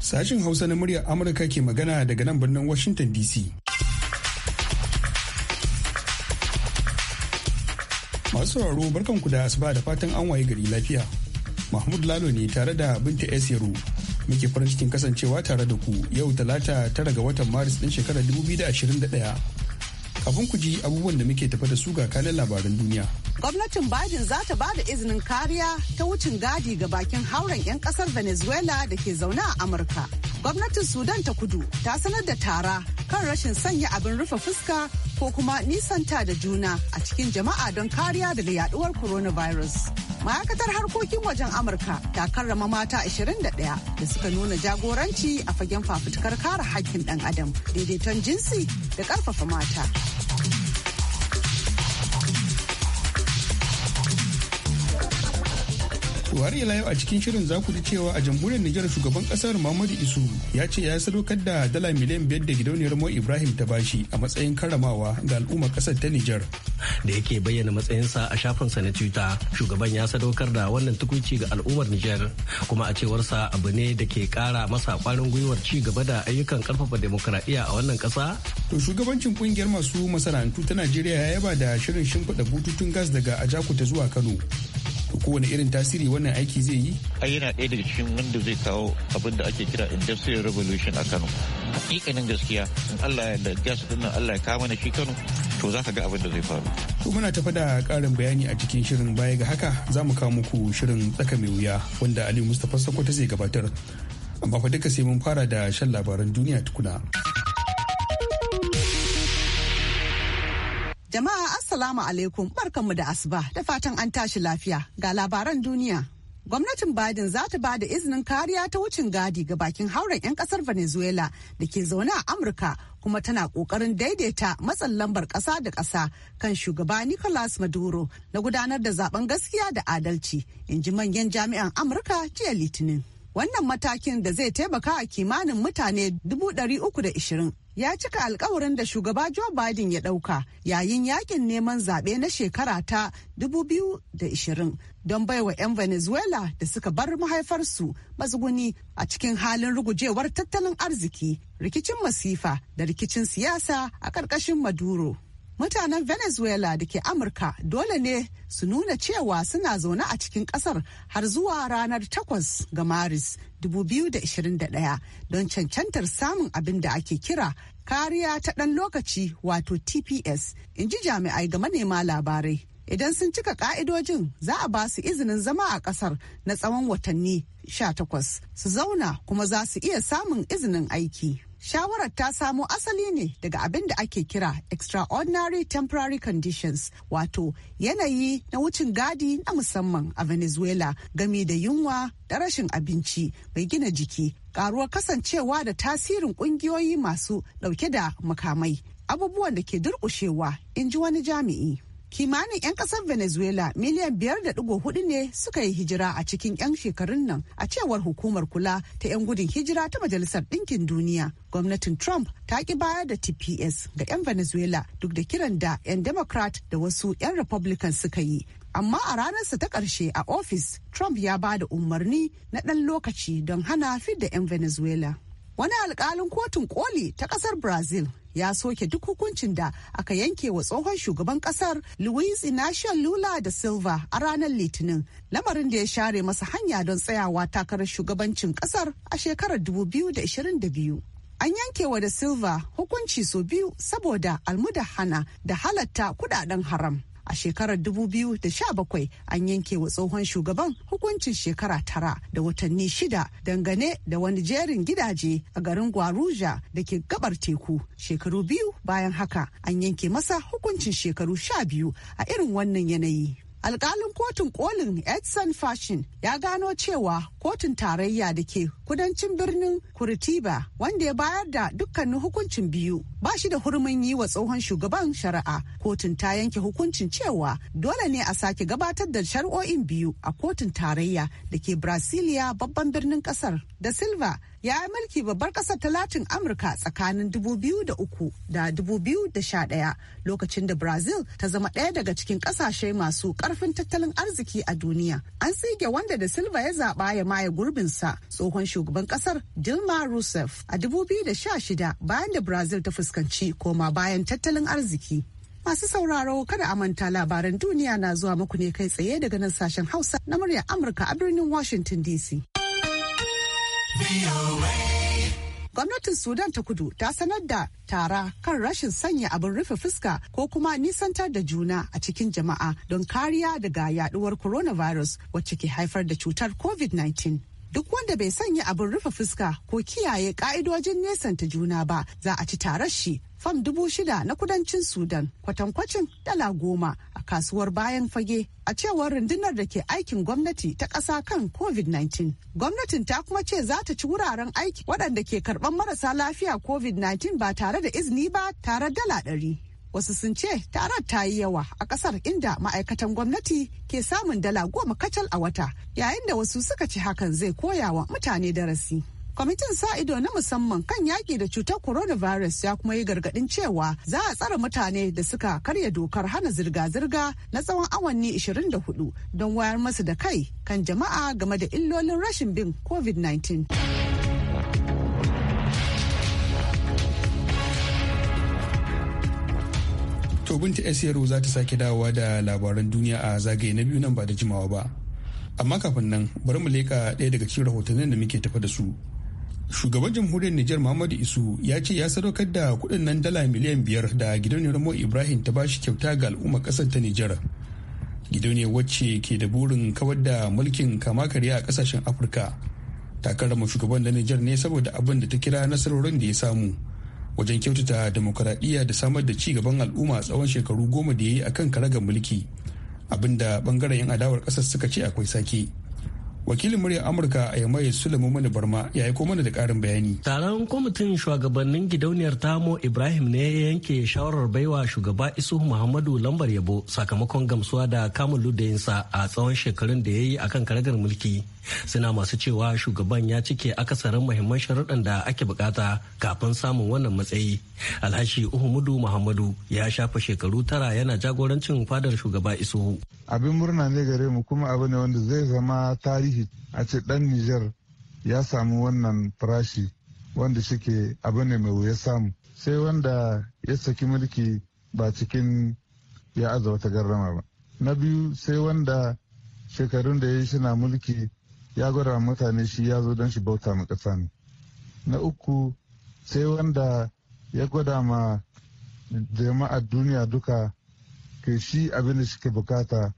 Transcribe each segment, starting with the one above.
sashen Hausa na muryar Amurka ke magana daga nan birnin Washington DC. Masu sauraro barkan barkanku da asuba da fatan an waye gari lafiya. Mahmud Lalo ne tare da Binta S. Yaro. Muke farin cikin kasancewa tare da ku yau talata tara ga watan Maris ɗin shekarar 2021. Kafin ku ji abubuwan da muke tafa da su ga kanin labaran duniya. Gwamnatin Biden za ta bada izinin kariya ta wucin gadi ga bakin hauren 'yan kasar Venezuela da ke zaune a Amurka. Gwamnatin Sudan ta kudu ta sanar da tara kan rashin sanya abin rufe fuska ko kuma nisanta da juna a cikin jama'a don kariya daga yaduwar coronavirus. ma'aikatar harkokin wajen amurka ta karrama mata 21 da suka nuna jagoranci a fagen fafutukar kare haƙƙin ɗan adam daidaiton jinsi da ƙarfafa mata To har ila yau a cikin shirin za cewa a jamhuriyar Nijar shugaban kasar Muhammadu Isu ya ce ya sadaukar da dala miliyan biyar da gidauniyar Mo Ibrahim ta bashi a matsayin karamawa ga al'ummar kasar ta Nijar. Da yake bayyana matsayinsa a shafin sa na Twitter, shugaban ya sadaukar da wannan tukunci ga al'ummar Nijar kuma a cewarsa abu ne da ke kara masa kwarin gwiwar ci gaba da ayyukan karfafa demokradiyya a wannan kasa. To shugabancin kungiyar masu masana'antu ta Najeriya ya yaba da shirin shimfiɗa bututun gas daga Ajakuta zuwa Kano. kowane irin tasiri wannan aiki zai yi? a yana ɗaya daga cikin wanda zai kawo abin da ake kira industrial revolution a Kano. Hakikanin gaskiya in Allah ya da gas din nan Allah ya kawo mana shi Kano to za ka ga abin da zai faru. To muna tafa da ƙarin bayani a cikin shirin baya ga haka za mu kawo muku shirin tsaka mai wuya wanda Aliyu Mustapha Sokoto zai gabatar. Amma fa duka sai mun fara da shan labaran duniya tukuna. Jama'a Assalamu alaikum barkanmu da asuba da fatan an tashi lafiya ga labaran duniya. Gwamnatin Biden za ta ba da izinin kariya ta wucin gadi ga bakin hauren 'yan kasar Venezuela da ke zaune a Amurka kuma tana kokarin daidaita matsan lambar kasa da kasa kan shugaba Nicolas Maduro na gudanar da zaben gaskiya da adalci, in ji manyan jami'an Amurka jiya Litinin. wannan matakin da zai taimaka a kimanin mutane 320 ya cika alkawarin da shugaba Joe Biden ya ɗauka yayin yakin neman zaɓe na shekara ta 2020 don baiwa 'yan Venezuela da suka bar mahaifarsu matsuguni a cikin halin rugujewar tattalin arziki, rikicin masifa da rikicin siyasa a ƙarƙashin Maduro. mutanen venezuela da ke amurka dole ne su nuna cewa suna zaune a cikin kasar har zuwa ranar 8 ga maris 2021 don cancantar samun abin da ake kira kariya ta ɗan lokaci wato tps in ji jami'ai ga manema labarai idan sun cika ka'idojin za a ba su izinin zama a kasar na tsawon watanni 18 su zauna kuma za su iya samun izinin aiki Shawarar ta samo asali ne daga abin da ake kira extraordinary temporary conditions wato yanayi na wucin gadi na musamman a Venezuela game da yunwa da rashin abinci mai gina jiki, karuwar kasancewa da tasirin kungiyoyi masu dauke da makamai, abubuwan da ke durkushewa, in ji wani jami'i. kimanin 'yan kasar venezuela miliyan 5.4 ne suka yi hijira a cikin 'yan shekarun nan a cewar hukumar kula ta 'yan gudun hijira ta majalisar ɗinkin duniya gwamnatin trump ta ki bayar da tps ga 'yan venezuela duk da kiran da 'yan democrat da wasu 'yan republican suka yi amma a ranarsa ta ƙarshe a ofis trump ya ba da umarni na ɗan lokaci don hana fidda 'yan venezuela wani alƙalin kotun koli ta ƙasar brazil ya soke duk hukuncin da aka yanke wa tsohon shugaban kasar luis inacio lula da silva a ranar litinin lamarin da ya share masa hanya don tsayawa takarar shugabancin kasar a shekarar 2022 an yankewa da silva hukunci sau biyu saboda almudahana da halatta kudaden haram a shekarar 2017 an yanke wa tsohon shugaban hukuncin shekara tara da watanni shida dangane da wani jerin gidaje a garin gwaruja da ke gabar teku shekaru biyu bayan haka an yanke masa hukuncin shekaru sha biyu a irin wannan yanayi alkalin kotun kolin edson fashin ya gano cewa kotun tarayya da ke kudancin birnin Curitiba wanda ya bayar da dukkanin hukuncin biyu ba shi da hurumin yi wa tsohon shugaban shari'a kotun ta yanke hukuncin cewa dole ne a sake gabatar da shari'o'in biyu a kotun tarayya da ke Brasilia babban birnin kasar da Silva ya yi mulki babbar kasar latin Amurka tsakanin 2003 da 2011 lokacin da Brazil ta zama ɗaya daga cikin ƙasashe masu ƙarfin tattalin arziki a duniya. An tsige wanda da Silva ya zaɓa ya maye gurbinsa tsohon shugaban shugaban kasar Dilma Rousseff a 2016 bayan da Brazil ta fuskanci koma bayan tattalin arziki. Masu sauraro kada a manta labaran duniya na zuwa muku ne kai tsaye daga nan sashen Hausa na muryar Amurka a birnin Washington DC. Gwamnatin Sudan ta kudu ta sanar da tara kan rashin sanya abin rufe fuska ko kuma nisantar da juna a cikin jama'a don kariya daga yaduwar coronavirus wacce ke haifar da cutar COVID-19. duk wanda bai sanya abin rufe fuska ko kiyaye ka'idojin nesanta juna ba za a ci tarar shi fam dubu shida na kudancin sudan kwatankwacin dala goma a kasuwar bayan fage a cewar rundunar da ke aikin gwamnati ta ƙasa kan covid-19 gwamnatin ta kuma ce za ta ci wuraren aiki waɗanda ke karɓar marasa lafiya covid-19 ba tare da izini ba tare dala ɗari wasu sun ce tarar ta yi yawa a kasar inda ma'aikatan gwamnati ke samun dala goma kacal a wata yayin da wasu suka ci hakan zai koya wa mutane darasi kwamitin sa ido na musamman kan yaƙi da cutar coronavirus ya kuma yi gargaɗin cewa za a tsare mutane da suka karya dokar hana zirga-zirga na tsawon awanni 24 don wayar masu da kai kan jama'a game da illolin rashin bin covid-19 To binta Esiyaro za ta sake dawowa da labaran duniya a zagaye na biyu nan ba da jimawa ba. Amma kafin nan bari mu leƙa ɗaya daga cikin rahotannin da muke tafa da su. Shugaban jamhuriyar Nijar Muhammadu Isu ya ce ya sadaukar da kuɗin nan dala miliyan biyar da gidauniyar Mo Ibrahim ta bashi kyauta ga al'umma ƙasar ta Nijar. Gidauniyar wacce ke da burin kawar da mulkin kama karya a ƙasashen Afirka. Takarama shugaban da Nijar ne saboda abin da ta kira nasarorin da ya samu. wajen kyautata demokuraɗiyya da samar da ci gaban al'umma tsawon shekaru goma da ya yi a kan karagar mulki abinda ɓangaren 'yan adawar ƙasar suka ce akwai sake wakilin muryar amurka a yamai sulaimu mani barma ya aiko mana da karin bayani taron kwamitin shugabannin gidauniyar tamo ibrahim ne ya yanke shawarar baiwa shugaba isu muhammadu lambar yabo sakamakon gamsuwa da kamun ludayinsa a tsawon shekarun da ya yi akan karagar mulki suna masu cewa shugaban ya cike akasarin muhimman sharuɗan da ake bukata kafin samun wannan matsayi alhashi uhumudu muhammadu ya shafa shekaru tara yana jagorancin fadar shugaba isu abin murna ne gare mu kuma abu ne wanda zai zama tarihi tarihi a ce dan Nijar ya samu wannan farashi wanda shike abu ne mai wuya samu sai wanda ya saki mulki ba cikin ya aza wata garrama ba na biyu sai wanda shekarun da ya yi shina mulki ya gwada mutane shi ya zo don shi bauta ma ƙasa ne na uku sai wanda ya gwada ma jama'ar duniya duka ke shi abin da suke bukata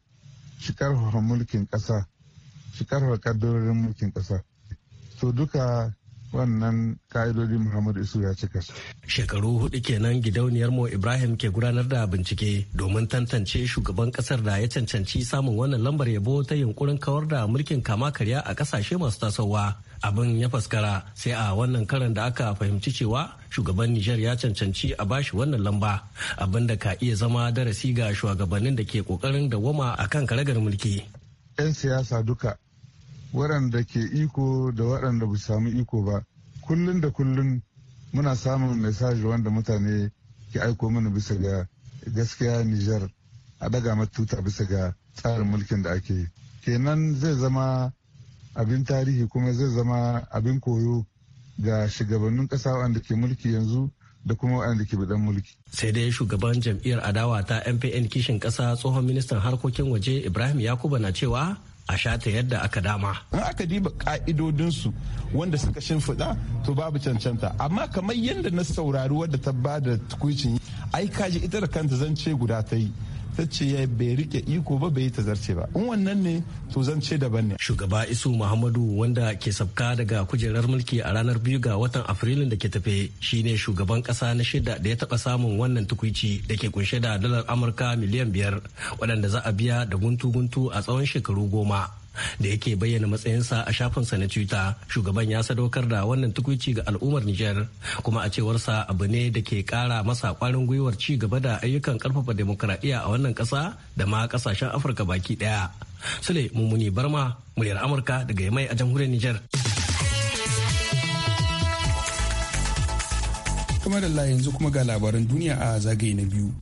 shi karfafa mulkin ƙasa su kaddarorin mulkin kasa to duka wannan ka'idodi Muhammadu Isu ya cika su. Shekaru hudu kenan gidauniyar mu Ibrahim ke gudanar da bincike domin tantance shugaban kasar da ya cancanci samun wannan lambar yabo ta yunkurin kawar da mulkin kama karya a kasashe masu tasowa. Abin ya faskara sai a wannan karan da aka fahimci cewa shugaban Nijar ya cancanci a bashi wannan lamba abin da ka iya zama darasi ga shugabannin da ke kokarin a kan karagar mulki. 'Yan siyasa duka waɗanda ke iko da waɗanda ba samu iko ba kullum da kullum muna samun mesaji wanda mutane ke aiko mana bisa ga gaskiya Nijar a daga matuta bisa ga tsarin mulkin da ake kenan zai zama abin tarihi kuma zai zama abin koyo ga shugabannin ƙasa wanda ke mulki yanzu da kuma wa'anda ke bidan mulki. Sai dai shugaban jam'iyyar adawa ta MPN kishin ƙasa tsohon ministan harkokin waje Ibrahim Yakuba na cewa a shata yadda aka dama. In aka diba ka'idodinsu wanda suka shimfiɗa to babu cancanta amma kamar yadda na saurari wadda ta ba da tukuicin ai kaji ita da kanta zance guda ta yi ta ce bai rike iko ba bai ta zarce ba in wannan ne to zan ce daban ne shugaba isu muhammadu wanda ke sabka daga kujerar mulki a ranar biyu ga watan afrilun da ke tafe shine shugaban kasa na shida da ya taba samun wannan tukuici da ke kunshe da dalar amurka miliyan biyar waɗanda za a biya da guntu-guntu a tsawon shekaru goma da yake bayyana matsayinsa a shafinsa na twitter shugaban ya sadaukar da wannan tukuici ga al'ummar niger kuma a cewarsa abu ne da ke kara masa kwarin gwiwar ci gaba da ayyukan karfafa demokradiyya a wannan kasa da ma kasashen afirka baki daya sule mummuni barma muryar amurka daga yamai a jamhuriyar niger kuma da yanzu kuma ga labaran duniya a zagaye na biyu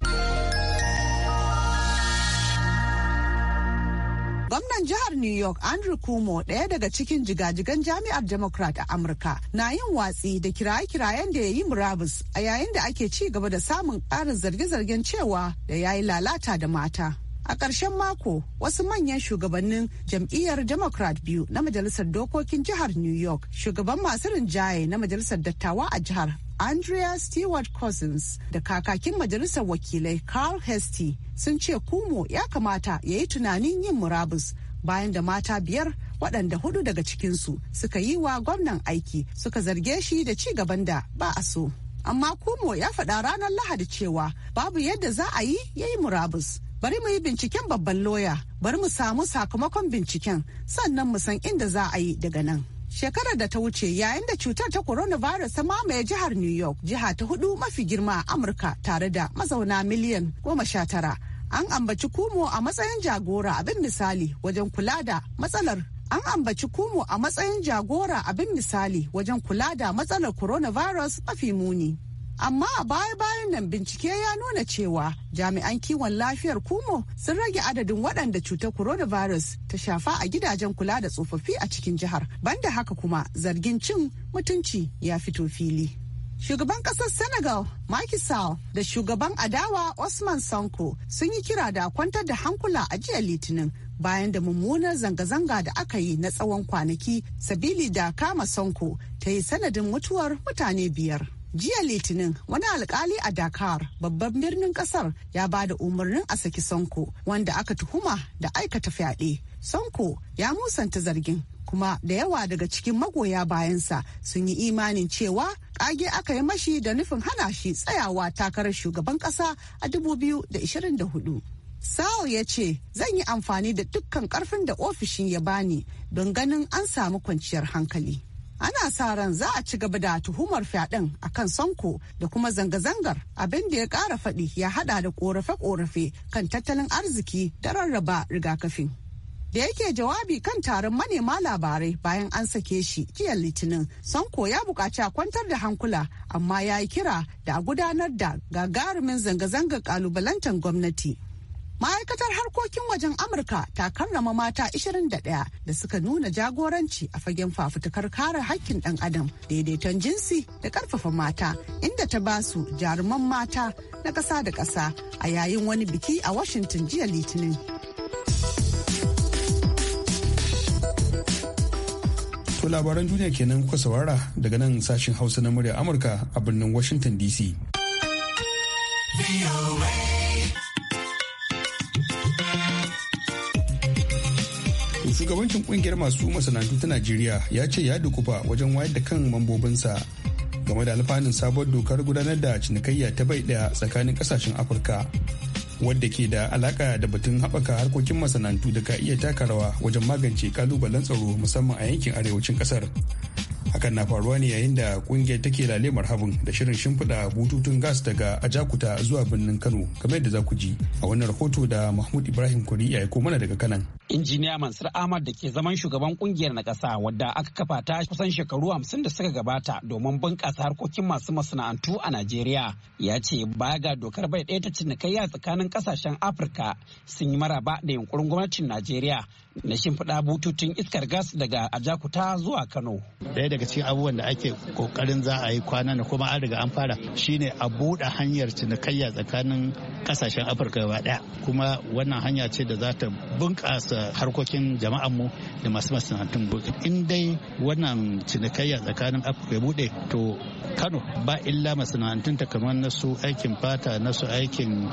gwamnan jihar new york andrew cuomo ɗaya daga cikin jigajigan jami'ar democrat a amurka na yin watsi da kiraye-kirayen da ya yi murabus a yayin da ake ci gaba da samun ƙarin zarge-zargen cewa da ya yi lalata da mata a ƙarshen mako wasu manyan shugabannin jam'iyyar democrat biyu na majalisar dokokin jihar new york shugaban masu rinjaye na majalisar dattawa a jihar andrea stewart cousins da kakakin majalisar wakilai carl hesty sun ce kumo ya kamata ya yi tunanin yin murabus bayan da mata biyar waɗanda hudu daga cikinsu suka yi wa gwamnan aiki suka zarge shi da ci gaban da ba a so. Amma Kumo ya faɗa ranar Lahadi cewa babu yadda za a yi ya yi murabus. Bari mu yi binciken babban loya, bari mu samu sakamakon binciken sannan mu san inda za a yi daga nan. shekarar da ta wuce yayin da cutar ta coronavirus ta mamaye jihar new york jiha ta hudu mafi girma a amurka tare da mazauna miliyan goma sha tara an ambaci kumo a matsayin jagora abin misali wajen kula da matsalar an ambaci kumo a matsayin jagora abin misali wajen kula da matsalar coronavirus mafi muni amma a baya-bayan nan bincike ya nuna cewa jami'an kiwon lafiyar kumo sun rage adadin waɗanda cutar coronavirus ta shafa a gidajen kula da tsofaffi a cikin jihar banda haka kuma zargin cin mutunci ya fito fili. Shugaban ƙasar Senegal Macky Sall da shugaban adawa Osman Sanko sun yi kira da kwantar da hankula a jiya Litinin bayan da mummunar zanga-zanga da aka yi na tsawon kwanaki sabili da kama Sanko ta yi sanadin mutuwar mutane biyar. jiya litinin wani alkali a dakar babban birnin kasar ya ba da umarnin a saki sanko wanda aka tuhuma da aikata fyaɗe sanko ya musanta zargin kuma da yawa daga cikin magoya bayansa sun yi imanin cewa kage aka yi mashi da nufin hana shi tsayawa takarar shugaban kasa a 2024. Sao ya ce zan yi amfani da dukkan karfin da ofishin ya bani don ganin an samu kwanciyar hankali. Ana sa ran za a ci gaba da tuhumar fyaɗen a kan Sanko da kuma zanga-zangar abin da ya ƙara faɗi ya haɗa da ƙorafe korafe kan tattalin arziki da rarraba rigakafin. da yake jawabi kan taron manema labarai bayan an sake shi jiya litinin sanko ya buƙaci a kwantar da hankula amma ya yi kira da a gudanar da gagarumin zanga-zangar kalubalantar gwamnati ma'aikatar harkokin wajen amurka ta karrama mata 21 da suka nuna jagoranci a fagen fafutukar kare hakkin ɗan adam daidaiton jinsi da ƙarfafa mata inda ta ba su jaruman mata na ƙasa da ƙasa a yayin wani biki a washington jiya litinin To labaran duniya kenan kuka saurara daga nan sashen Hausa na murya Amurka a birnin Washington DC. Shugabancin kungiyar masu masana'antu ta Najeriya ya ce ya dukufa wajen wayar da kan mambobinsa game da alfanun sabon dokar gudanar da cinikayya ta bai daya tsakanin kasashen Afirka wadda ke da alaka da batun haɓaka harkokin masana'antu da ka iya taka rawa wajen magance kalubalen tsaro musamman a yankin arewacin ƙasar. hakan na faruwa ne yayin da kungiyar take lalemar habin da shirin shimfiɗa bututun gas daga ajakuta zuwa birnin kano kamar yadda za ku ji a wannan rahoto da mahmud ibrahim kuri ya ko mana daga kanan injiniya mansur ahmad da ke zaman shugaban kungiyar na ƙasa wadda aka kafa ta kusan shekaru hamsin da suka gabata domin bunƙasa harkokin masu masana'antu a najeriya ya ce baya ga dokar bai ɗaya ta cinikayya tsakanin ƙasashen afirka sun yi maraba da yunkurin gwamnatin najeriya na shimfiɗa bututun iskar gas daga ajakuta zuwa kano ɗaya daga cikin abubuwan da ake kokarin za a yi kwanan kuma an riga an fara shine a buɗe hanyar cinikayya tsakanin ƙasashen afirka gaba ɗaya kuma wannan hanya ce da za ta bunƙasa harkokin jama'anmu da masu masana'antun bukin in dai wannan cinikayya tsakanin afirka ya buɗe to kano ba illa ta kamar na su aikin fata na su aikin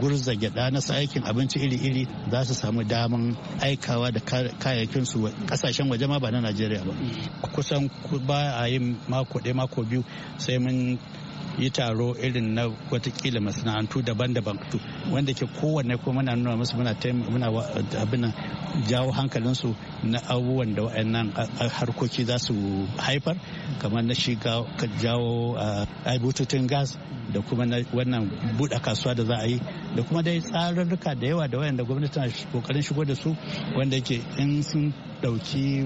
gurza gyaɗa na su aikin abinci iri-iri za su samu damar aika aikawa da kayayyakin su kasashen waje ma ba na Najeriya ba mm. kusan ba a yin mako ɗaya mako biyu sai mun yi taro irin na watakila masana'antu daban-daban wanda ke kowanne kuma muna nuna musu muna muna jawo hankalinsu na abubuwan da wa'annan harkoki za su haifar kamar na shi jawo bututun gas da kuma na wannan buɗe kasuwa da za a yi da kuma dai tsarurruka da yawa da wayanda gwamnati tana kokarin shigo da su wanda yake in sun ɗauki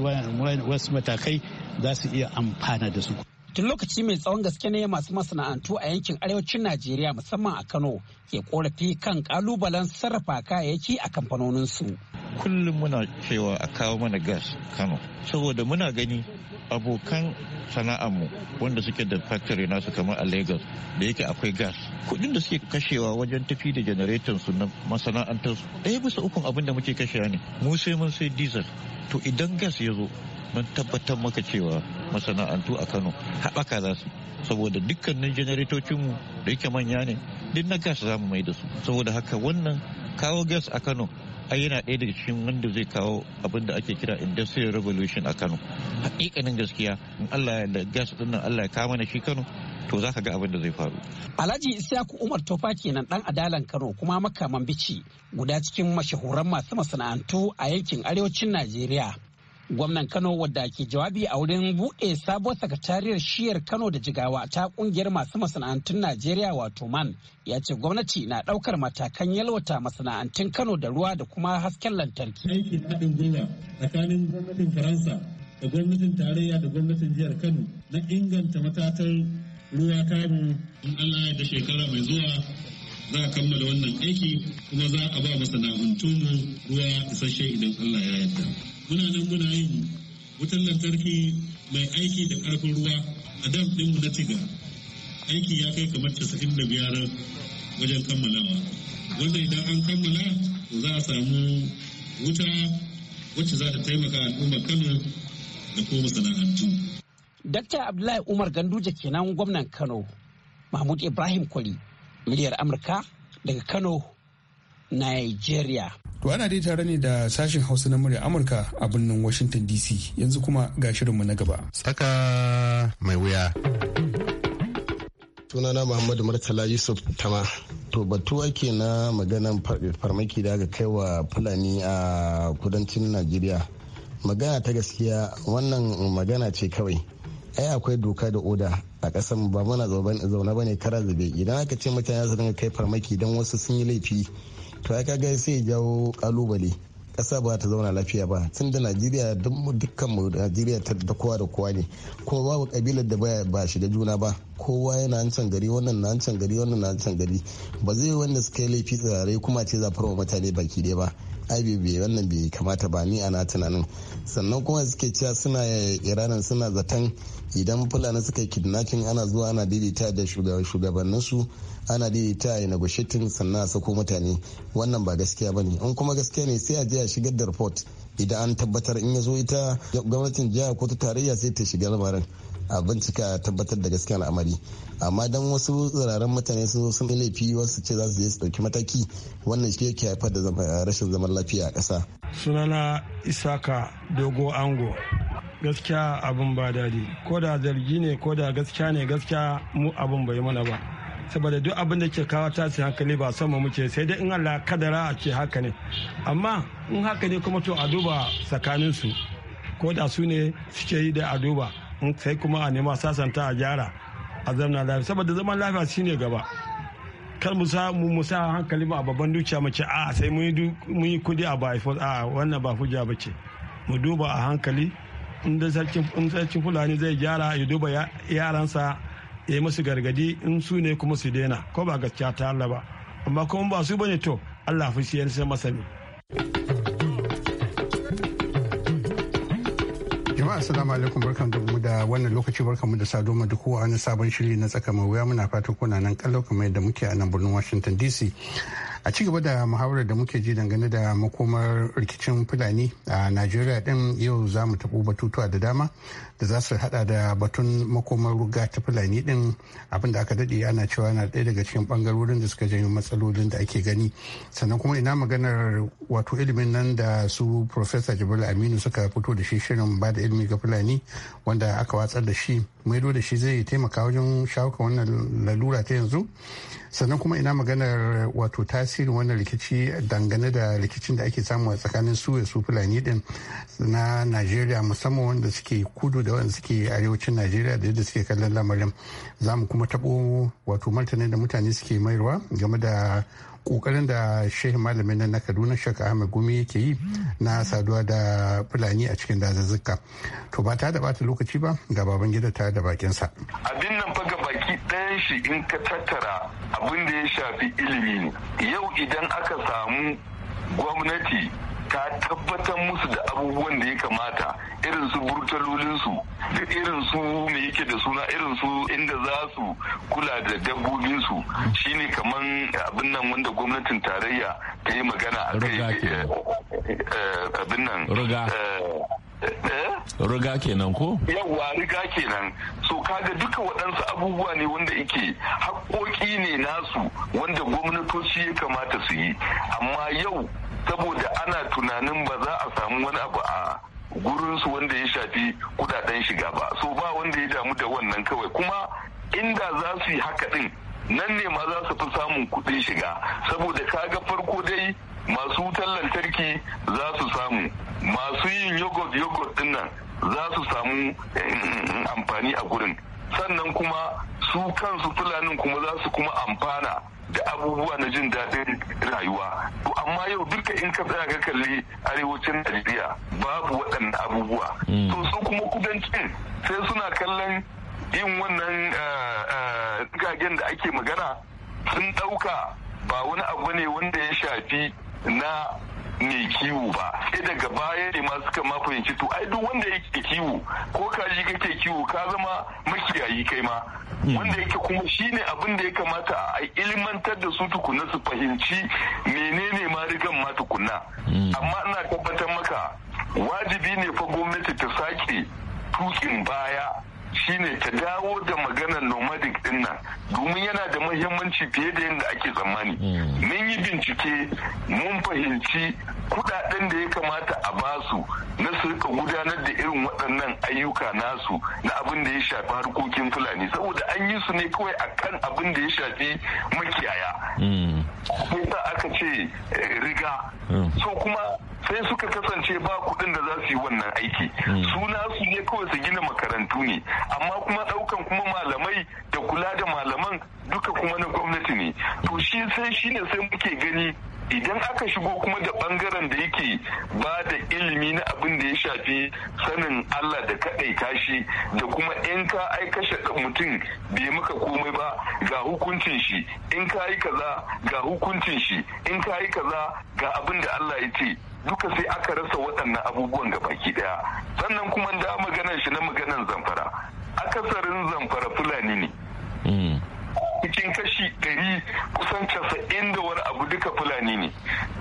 wasu matakai za su iya amfana da su. tun lokaci mai tsawon gaske ne masu masana'antu a yankin arewacin najeriya musamman a kano ke korafi kan kalubalen sarrafa kayayyaki a kamfanoninsu kullum muna cewa a kawo mana gas kano saboda muna gani abokan sana'armu wanda suke da factory nasu kamar a lagos da yake akwai gas kudin da suke kashewa wajen tafi da janaretan su na masana'antar ɗaya bisa ukun abin da muke kashewa ne mu sai mun sai diesel to idan gas ya zo mun tabbatar maka cewa masana'antu a kano haɓaka za su saboda dukkanin mu da yake manya ne duk na gas za mu mai da su saboda haka wannan kawo gas a kano ai yana ɗaya daga cikin wanda zai kawo abin da ake kira industrial revolution a kano haƙiƙanin gaskiya in allah ya gas din allah ya kawo mana shi kano to za ka ga abin da zai faru alhaji isaku umar tofa kenan dan adalan kano kuma makaman bici guda cikin mashahuran masu masana'antu a yankin arewacin najeriya gwamnan kano wadda ke jawabi a wurin buɗe sabuwar sakatariyar shiyar kano da jigawa ta kungiyar masu masana'antun najeriya wato man ya ce gwamnati na ɗaukar matakan yalwata masana'antun kano da ruwa da kuma hasken lantarki aikin haɗin gwiwa tsakanin gwamnatin faransa da gwamnatin tarayya da gwamnatin jihar kano na inganta matatar ruwa kamu in allah ya da shekara mai zuwa za a kammala wannan aiki kuma za a ba masana'antunmu ruwa isasshe idan Allah ya yarda. Muna nan muna yin wutar lantarki mai aiki da karfin ruwa a dam ɗinmu na tiga. Aiki ya kai kamar casa'in da biyar wajen kammalawa. Wanda idan an kammala za a samu wuta wacce za ta taimaka al'ummar Kano da kuma masana'antu. Dakta Abdullahi Umar Ganduje kenan gwamnan Kano, Mahmud Ibrahim Kwali. Miliyar amurka daga kano nigeria to ana dai tare ne da sashen hausa na muryar amurka a birnin washington dc yanzu kuma ga shirinmu na gaba saka mai wuya sunana muhammadu murtala yusuf tama to batuwa ke na maganan farmaki da aka kai wa fulani a kudancin najeriya magana ta gaskiya wannan magana ce kawai ai akwai doka da oda a ƙasar mu ba muna zaune ne kara zube idan aka ce mutane su dinga kai farmaki don wasu sun yi laifi to aka kaga sai jawo kalubale ƙasa ba ta zauna lafiya ba tun da najeriya dukkan mu najeriya ta da kowa da kowa ne kuma babu kabilar da ba shi da juna ba kowa yana can gari wannan na can gari wannan na can gari ba zai wanda suka yi laifi tsirarai kuma ce zafar wa mutane baki ɗaya ba ai bai wannan bai kamata ba ni ana tunanin sannan kuma suke cewa suna eh, iranin suna zaton idan fulani suka yi kidnapping ana zuwa ana daidaita da shugabanninsu ana daidaita ya negotiating sannan a sako mutane wannan ba gaskiya ba ne in kuma gaskiya ne sai a je a shigar da report idan an tabbatar in ya zo ita gwamnatin jiha ko ta tarayya sai ta shiga lamarin a bincika tabbatar da gaskiya al'amari amma dan wasu tsiraran mutane sun sun laifi wasu ce za su je su dauki mataki wannan shi yake haifar da rashin zaman lafiya a ƙasa sunana isaka dogo ango gaskiya abin ba daɗi ko da zargi ne ko da gaskiya ne gaskiya mu abin bai mana ba saboda duk abin da ke kawo tasi hankali ba sama muke sai dai in Allah kadara a ce haka ne amma in haka ne kuma to a duba tsakanin su ko da su ne suke yi da a duba sai kuma a nema sasanta a gyara a zamna lafiya saboda zaman lafiya shine gaba kar mu sa mu musa hankali ba a babban dukiya mu ce a sai mun yi kudi a ba a wannan ba hujja ba ce mu duba a hankali in da sarkin fulani zai gyara ya duba yaransa ya yi musu gargadi in su ne kuma su daina ko ba gaskiya ta Allah ba amma kuma ba su bane to Allah fi shi siyar masa masani jama'a assalamu alaikum barkan da mu da wannan lokaci barkan mu da sado mu duk wani sabon shiri na tsaka mai wuya muna fatan kuna nan kallon kamar yadda muke a nan birnin Washington DC a ci gaba da muhawarar da muke ji dangane da makomar rikicin fulani a najeriya din yau za mu taɓo batutuwa da dama da za su hada da batun makomar ruga ta fulani din abinda aka daɗe ana cewa na ɗaya daga cikin bangarorin da suka janyo matsalolin da ake gani sannan kuma ina maganar wato ilimin nan da su professor jibril aminu suka fito da shi shirin ba da ilimi ga fulani wanda aka watsar da shi maido da shi zai taimaka wajen shawo wannan lalura ta yanzu sannan kuma ina maganar wato tasirin wannan rikici dangane da rikicin da ake samu a tsakanin su su fulani din na najeriya musamman wanda suke kudu da wanda suke arewacin najeriya da yadda suke kallon lamarin zamu kuma taɓo wato martanin da mutane suke mayarwa game da kokarin da shehu malamin nan na kaduna shaka ahmed gumi yake yi na saduwa da fulani a cikin dazuzzuka to ba ta da bata lokaci ba ga baban gida ta da bakinsa abin nan fa ga baki ɗayan shi in ka tattara abin da ya shafi ilimi ne yau idan aka samu gwamnati ta tabbatar musu da abubuwan da ya kamata irin su burtalolinsu da irin su me yake da suna irin su inda za su kula da dabbobinsu shine kamar abin nan wanda gwamnatin tarayya ta yi magana a kai eh, abin nan riga eh, eh? kenan ko? yawwa riga kenan so kaga duka waɗansu abubuwa ne wanda ike haƙoƙi ne nasu wanda gwamnatoci ya kamata su yi amma yau saboda ana tunanin ba za a samu wani abu a gurinsu wanda ya shafi kudaden shiga ba so ba wanda ya damu da wannan kawai kuma inda za su yi haka din nan ne ma za su fi samun kudin shiga saboda kaga farko dai masu wutar lantarki za su samu masu yin yogurt yogurt din za su samu eh, eh, eh, amfani a gurin sannan kuma su kansu fulanin kuma za su kuma amfana da abubuwa na jin daɗin rayuwa to amma yau duka in ka tsaya ka kalli arewacin najeriya babu waɗannan abubuwa mm. to su kuma kudancin sai suna kallon yin wannan gagen eh, eh, da ake magana sun ɗauka ba wani abu ne wanda ya shafi na mai kiwo ba sai daga baya ne ma suka ma fahimci to ai duk wanda yake kiwo ko kaji kake kiwo ka zama makiyayi kai ma hmm. wanda yake kuma shine abin da ya kamata a ilmantar da su tukunna su fahimci menene ma rigan ma tukunna hmm. amma ina tabbatar maka wajibi ne fa gwamnati ta sake tukin baya shine ta dawo da maganar nomadic din nan domin yana da mahimmanci fiye da yadda ake tsammani hmm. mun yi bincike mun fahimci kudaden da ya kamata a basu na su rika gudanar da irin waɗannan ayyuka nasu na abin da ya shafi harkokin fulani saboda an yi su ne kawai a kan abin da ya shafi makiyaya hmm. sai aka ce eh, riga hmm. so kuma sai suka kasance ba kuɗin da za su yi wannan aiki suna hmm. su ne kawai su gina makarantu ne amma kuma ɗaukan kuma malamai da kula da malaman duka kuma na gwamnati ne to shi sai shine sai muke gani idan aka shigo kuma da bangaren da yake ba da ilimi na abin da ya shafi sanin Allah da kaɗai kashi da kuma in ka ai kashe mutum bai maka komai ba ga hukuncin shi in ka yi kaza ga hukuncin shi in ka yi kaza ga abin da Allah ya ce duka sai aka rasa waɗannan abubuwan ga baki ɗaya sannan kuma da maganar shi na maganar zamfara akasarin zamfara fulani ne cikin kashi ɗari kusan casa'in da wani abu duka fulani ne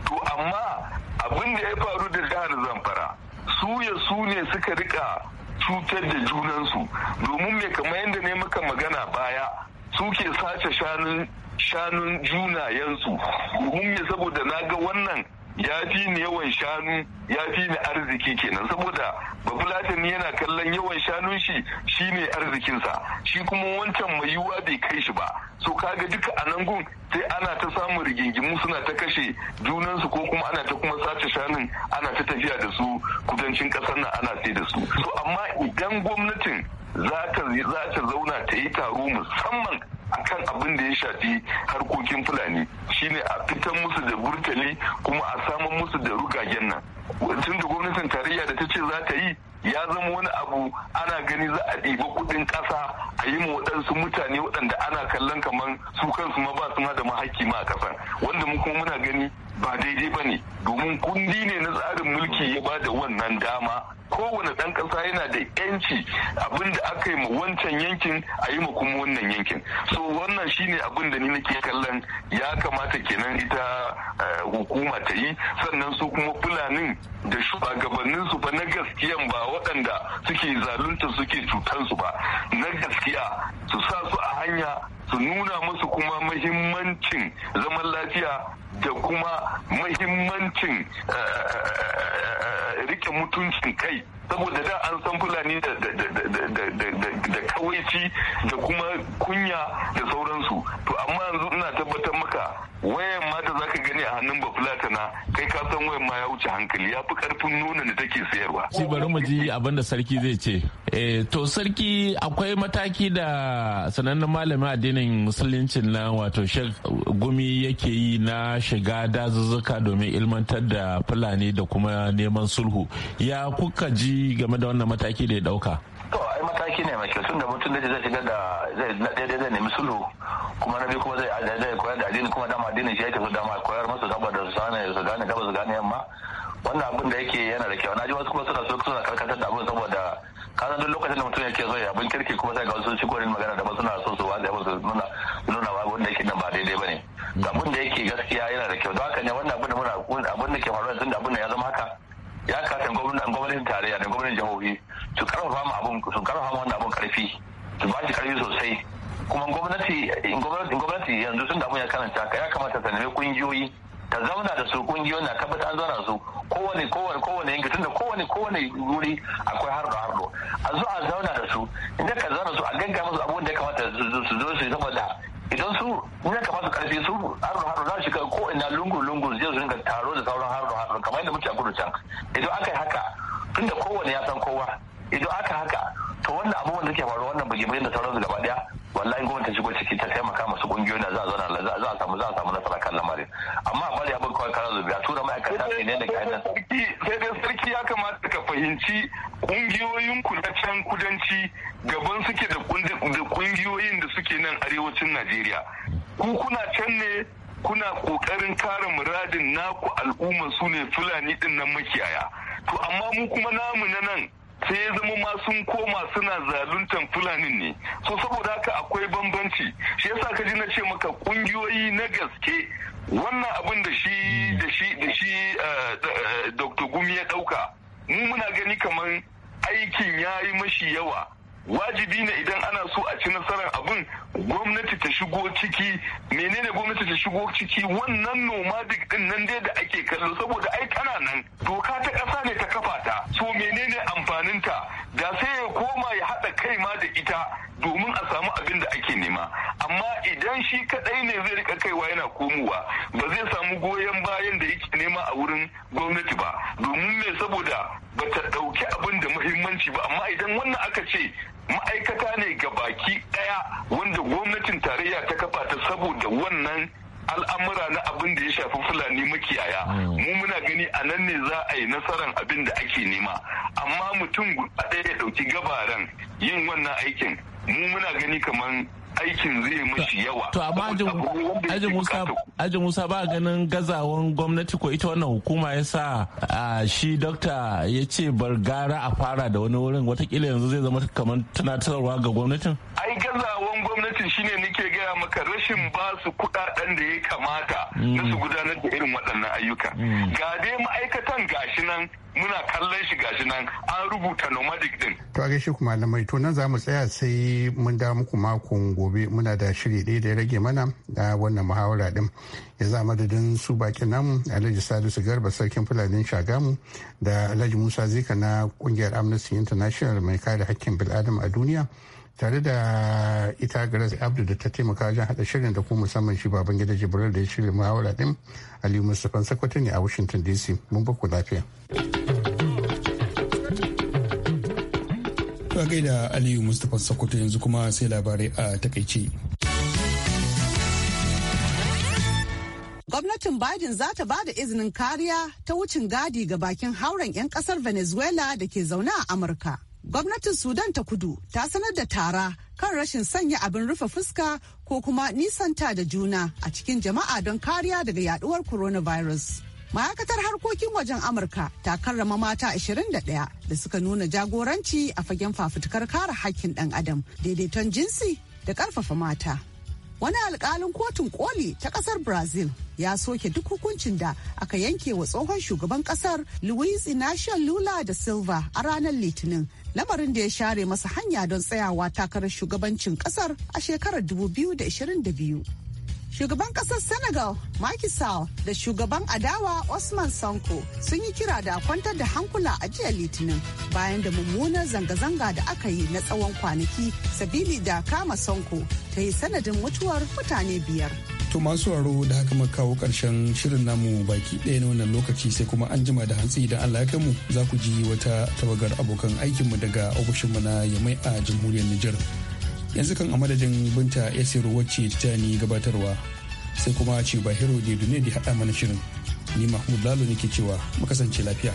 to amma abin da ya faru da jihar zamfara su su ne suka rika cutar da junansu domin mai kamar yadda ne maka magana baya suke sace shanun shanun junayensu domin me saboda na ga wannan ya fi ni yawan shanu ya fi ni arziki kenan saboda bafulatani yana kallon yawan shanun shi shi ne arzikinsa shi kuma wancan mai yiwuwa bai kai shi ba so kaga duka a nan gun sai ana ta samun rigingimu suna ta kashe junansu ko kuma ana ta kuma sace shanun ana ta tafiya da su kudancin kasar nan ana sai da su so amma idan gwamnatin za ta zauna ta yi taro musamman a kan abin da ya shafi harkokin fulani shine a fitan musu da burtali kuma a samun musu da rugagen nan tun da gwamnatin tarayya da ta ce za ta yi ya zama wani abu ana gani za a ɗiba kuɗin ƙasa a yi ma waɗansu mutane waɗanda ana kallon kamar su kansu ma ba su ma da mahaki ma a ƙasan wanda mu kuma muna gani ba daidai ba ne domin kundi ne na tsarin mulki ya ba da wannan dama kowane ɗan ƙasa yana da yanci abin da aka yi ma wancan yankin a yi ma kuma wannan yankin so wannan shine abin da ni nake kallon ya kamata kenan ita eh, hukuma ta yi sannan su kuma fulanin da shugabannin su ba na gaskiyan ba waɗanda suke zalunta suke cutan su ba na gaskiya su sa su a hanya su nuna musu kuma mahimmancin zaman lafiya da kuma mahimmancin eh, eh, eh, rike mutuncin kai saboda da an san fulani da kawaici da kuma kunya lokaci bari mu ji abin da sarki zai ce eh to sarki akwai mataki da sanannen malamin addinin musuluncin na wato sheikh gumi yake yi na shiga dazuzzuka domin ilmantar da fulani da kuma neman sulhu ya kuka ji game da wannan mataki da ya dauka to ai mataki ne mai kyau da mutum da zai shiga da zai daidai zai nemi sulhu kuma na biyu kuma zai koyar da addini kuma dama addinin shi yake so dama koyar masa saboda su gane gaba su gane yamma wannan abin da yake yana da kyau na ji wasu kuma suna so suna karkatar da abin saboda kasan duk lokacin da mutum yake so ya bin kirki kuma sai ga wasu shigo ne magana da suna so su wanda su nuna nuna ba wanda yake nan ba daidai bane abin da yake gaskiya yana da kyau don haka ne wannan abin da muna abin da ke faruwa tunda abin da ya zama haka ya kasa gwamnatin tarayya da gwamnatin jihohi su karfafa mu abin su karfafa mu wannan abin karfi su ba shi karfi sosai kuma gwamnati gwamnati yanzu sun damu ya karanta ka ya kamata ta nemi kungiyoyi ta zauna da su kungiyoyin na kafa an zauna su kowane kowane kowane yanki tunda kowane kowane wuri akwai harba hardo a zo a zauna da su inda ka zauna su a ganga musu abubuwan da ya kamata su zo su saboda idan su ina ka kamata karfi su harba hardo za su shiga ko ina lungu lungu zai su dinga taro da sauran harba hardo kamar yadda muke a gudu can idan aka yi haka tunda kowane ya san kowa idan aka haka to wannan abubuwan da ke faruwa wannan bugi da sauransu gaba daya wallahi gwamnati shigo ciki ta taimaka masu kungiyoyi da za a zauna za a samu za a samu nasara kan lamarin amma a ya abin kawai kara biya a tura ma'aikata ne ne da kayan sai dai sarki ya kamata ka fahimci kungiyoyin ku na can kudanci gaban suke da kungiyoyin da suke nan arewacin najeriya ku kuna can ne kuna kokarin kare muradin naku al'umma su ne fulani din nan makiyaya to amma mu kuma namu na nan sai ya zama ma sun koma suna zaluntan fulanin ne so saboda haka akwai bambanci shi yasa ka ji na ce maka kungiyoyi na gaske wannan abin da shi da shi da shi eh, eh, dr gumi ya dauka mu muna gani kamar aikin ya yi mashi yawa wajibi ne idan ana so a ci nasarar abin gwamnati ta shigo ciki menene gwamnati ta shigo ciki wannan nomadic din nan dai da ake kallo saboda ai kana nan doka ta ƙasa ne ta kafa ta so menene amfaninta da sai ya koma ya haɗa kai ma da ita domin a samu abin da ake nema amma idan shi kaɗai ne zai rika kaiwa yana komowa ba zai samu goyon bayan da yake nema a wurin gwamnati ba domin me saboda ba ta ɗauki abin da muhimmanci ba amma idan wannan aka ce ma'aikata ne ga baki ɗaya wanda gwamnatin tarayya ta kafa ta saboda wannan al'amura na abin da ya shafi fulani makiyaya hmm. mu muna gani a nan ne za a yi nasarar abin da ake nema amma mutum guda ɗaya ya ɗauki gabaran yin wannan aikin mu muna gani kamar aikin zai mashi yawa. To amma Aji Musa ba ganin gazawan gwamnati ko ita wannan hukuma ya sa shi dokta ya ce bar gara a fara da wani wurin watakila yanzu zai zama kamar tunatarwa ga gwamnatin? Ai gazawan gwamnati maka rashin ba su kuɗaɗen da ya kamata na su mm. gudanar da irin waɗannan ayyuka mm. ga dai ma'aikatan gashi nan muna kallon shi gashi nan an rubuta nomadic din. To a gaishe ku malamai to nan za mu tsaya sai mun da muku makon gobe muna da shiri ɗaya da ya rage mana da wannan muhawara din. Ya za madadin su bakin nan Alhaji Salisu Garba sarkin Fulani Shagamu da Alhaji Musa Zika na kungiyar Amnesty International mai kare hakkin bil'adam a duniya. tare da ita garas abdu da ta taimaka wajen hada shirin da kuma musamman shi baban gida jibril da ya shirya muhawara din aliyu mustapha sakwato ne a washington dc mun baku lafiya ka gaida aliyu mustapha sakwato yanzu kuma sai labarai a takaice gwamnatin Biden za ta bada izinin kariya ta wucin gadi ga bakin hauren 'yan kasar Venezuela da ke zaune a Amurka. gwamnatin sudan ta kudu ta sanar da tara kan rashin sanya abin rufe fuska ko kuma nisanta da juna a cikin jama'a don kariya daga yaduwar coronavirus ma'aikatar harkokin wajen amurka ta karrama mata 21 da suka nuna jagoranci a fagen fafutukar kare hakkin ɗan adam daidaiton jinsi da ƙarfafa mata wani alkalin kotun koli ta kasar brazil ya soke duk hukuncin da aka yanke wa tsohon shugaban kasar luis inacio lula da silva a ranar litinin lamarin da ya share masa hanya don tsayawa takarar shugabancin kasar a shekarar 2022 Shugaban kasar Senegal Macky Sall da shugaban adawa Osman Sanko sun yi kira da kwantar da hankula a jiya Litinin bayan da mummunar zanga-zanga da aka yi na tsawon kwanaki sabili da kama Sanko ta yi sanadin mutuwar mutane biyar. To masu waro da haka maka kawo karshen shirin namu baki ɗaya na wannan lokaci sai kuma an jima da hantsi da Allah ya mu za ku ji wata tawagar abokan aikinmu daga ofishinmu na Yamai a jamhuriyar Nijar. yanzu kan a madadin binta esiru wacce ta ni gabatarwa sai kuma ce ba hero ne da haɗa mana shirin ni mahmud lalo ne ke cewa mu kasance lafiya